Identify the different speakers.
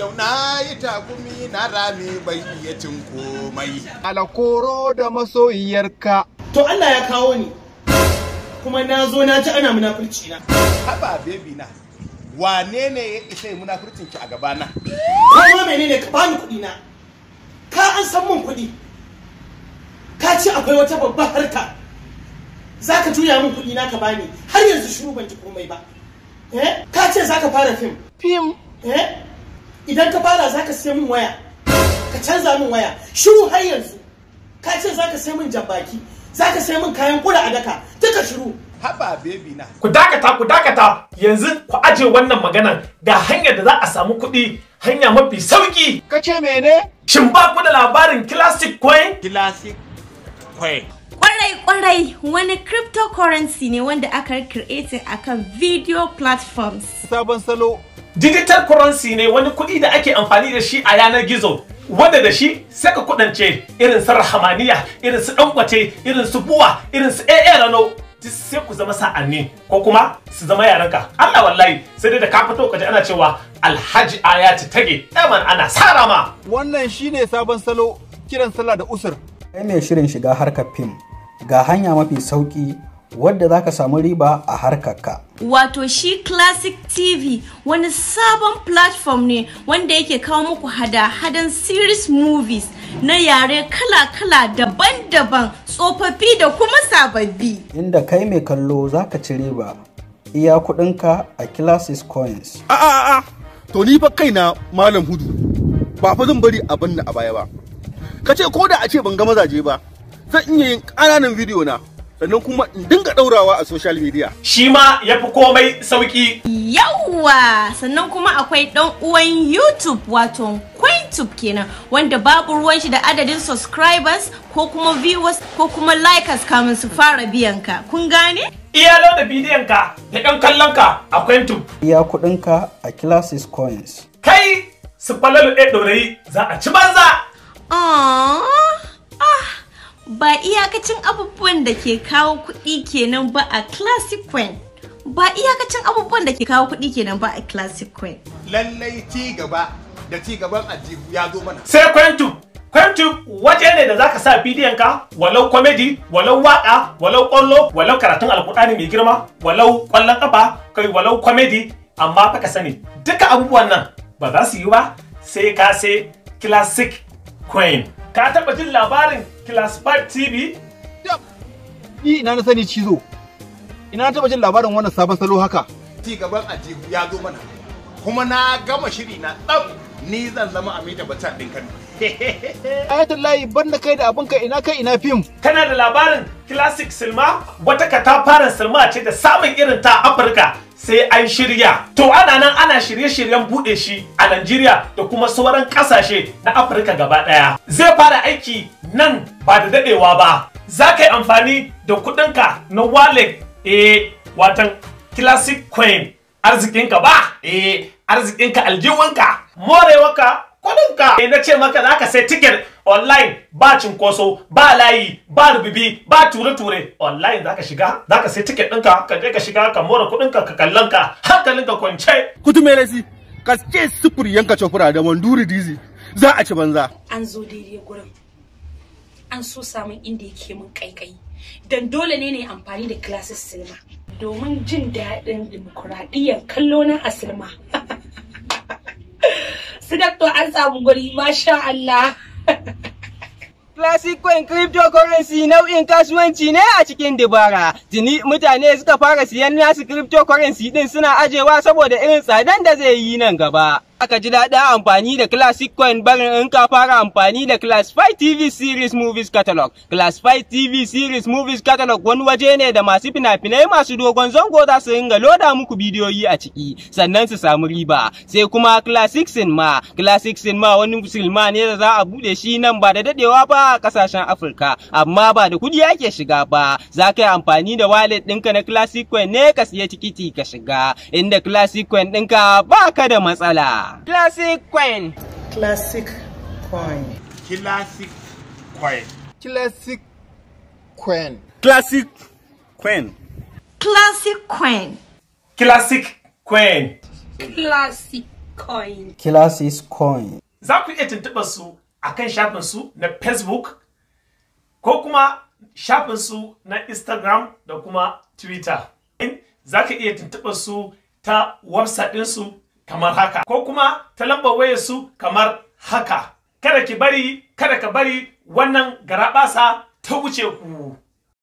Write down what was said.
Speaker 1: yau na yi takumi na rami bai iya cin komai alakoro da masoyiyarka to Allah ya kawo ni kuma na zo na ji ana munafurci na haba baby na wane ne ya isa yi munafurcin ki a gabana ko ma menene ka bani kuɗi na ka an san mun kuɗi ka ce akwai wata babbar harka za ka juya min kuɗi na ka bani har yanzu shuru ban ji komai ba eh ka ce za ka fara fim fim eh idan ka fara za ka sai min waya ka canza min waya shiru har yanzu ka ce za ka sai min jambaki za ka sai min kayan kula a daka duka shiru haba baby na ku dakata ku dakata yanzu ku aje wannan magana ga hanyar da za a samu kuɗi hanya mafi sauki ka ce mene shin ba ku da labarin classic coin classic
Speaker 2: coin kwarai-kwarai wani cryptocurrency ne wanda aka creating akan video platforms sabon salo
Speaker 1: digital currency ne wani kuɗi da ake amfani da shi a yanar gizo wanda da shi sai ka kudance irin su rahamaniya irin su irin su buwa irin su AA rano sai ku zama sa'anni ko kuma su zama yaranka Allah wallahi sai dai da ka fito ka ana cewa Alhaji Ayati Tage daman eh ana sara ma wannan shine sabon salo kiran sallah da usur kai mai shirin shiga harkar fim ga hanya mafi sauki wadda za ka samu riba a
Speaker 2: harkarka. Wato shi Classic TV wani sabon platform ne wanda yake kawo muku hada-hadan series movies na yare kala-kala daban-daban tsofaffi da kuma sababbi.
Speaker 1: Inda kai mai kallo za ka ci riba iya kudinka a Classic Coins. A a a to ni fa kaina Malam Hudu ba fa zan bari abin na a baya ba. Ka ce ko da a ce ban ga mazaje ba zan iya yin ƙananan bidiyo na sannan kuma in dinga ɗaurawa a social media. Shi ma ya fi komai sauƙi.
Speaker 2: Yawwa! Sannan kuma akwai dan uwan YouTube wato YouTube kenan wanda babu ruwan shi da adadin subscribers ko kuma viewers ko kuma likers kamun su fara biyan ka. Kun gane? Iyalo da bidiyon ka
Speaker 1: da ɗan kallon ka a YouTube. Iya kudin ka a Classes Coins. Kai! Su falalu ɗaya ɗorayi za a ci
Speaker 2: banza! Aww. ba iyakacin abubuwan da ke kawo kuɗi kenan ba a classic queen ba iyakacin abubuwan da ke kawo kuɗi kenan ba a classic queen lallai ci gaba
Speaker 1: da ci gaban ajihu ya zo mana sai kwentu. Kwentu waje ne da zaka sa bidiyon ka walau comedy walau waka walau kwallo walau karatun alkur'ani mai girma walau kwallon kafa kai walau comedy amma fa ka sani duka abubuwan nan ba za su yi ba sai ka sai classic queen ka taba jin labarin classified TV? Ni ina na sani cizo. Ina taɓa jin labarin wannan sabon salo haka. Ci gaban ajihu ya zo mana. Kuma na gama shiri na ɗan ni zan zama Amita Batan ɗin kan. Ayatul layi banda kai da abinka ina kai ina fim. Kana da labarin classic silma wata ka ta fara silma ce da samun irin ta Afirka. sai an shirya to ana nan ana shirye-shiryen buɗe shi a Najeriya da kuma sauran ƙasashe na Afirka gaba ɗaya. zai fara aiki nan ba da daɗewa ba za ka yi amfani da kuɗinka na wallet eh watan classic coin arzikinka ba eh arzikinka aljiwanka ka kudinka eh na ce maka zaka sai ticket online ba cinkoso ba layi ba rububi ba ture-ture online zaka shiga zaka sai ticket ɗinka ka je ka shiga ka mora kudinka ka kallonka ka kwance kutu mai lasi ka ce sufur yanka cofura da manduri dizi za a ci banza
Speaker 2: an zo daidai gurin an so samun inda yake mun kaikai dan dole ne ne amfani da classes cinema. domin jin daɗin dimokuraɗiyyar kallo na asilma su an samu guri masha Allah. Classic coin
Speaker 1: cryptocurrency nau'in kasuwanci ne a cikin dibara. Tuni mutane suka fara siyan nasu cryptocurrency din suna ajewa saboda irin tsadan da zai yi nan gaba. aka ji daɗin amfani da Classic Coin barin in ka fara amfani da Classified TV Series Movies Catalog. Classified TV Series Movies Catalog wani waje ne da masu fina-finai masu dogon zango za su ringa loda muku bidiyoyi a ciki sannan su samu riba. Sai kuma Classic Cinema. Classic Cinema wani silma ne da za a buɗe shi nan ba da daɗewa ba a ƙasashen Afirka amma ba da kuɗi ake shiga ba. Za ka yi amfani da wallet ɗinka na Classic Coin ne ka siya tikiti ka shiga inda Classic Coin ɗinka ba ka da matsala.
Speaker 2: Classic coin. Classic coin. Classic coin.
Speaker 1: Classic coin. Classic coin.
Speaker 2: Classic coin.
Speaker 1: Classic coin.
Speaker 2: Classic Coin.
Speaker 1: Classic Coin. Za ku iya tuntuɓar su a kan shafinsu na Facebook ko kuma shafinsu na Instagram da kuma Twitter. Za ka iya tuntuɓar su ta website su. kamar haka ko kuma ta lambar wayarsu kamar haka kada ki bari kada ka bari wannan garaɓasa ta wuce ku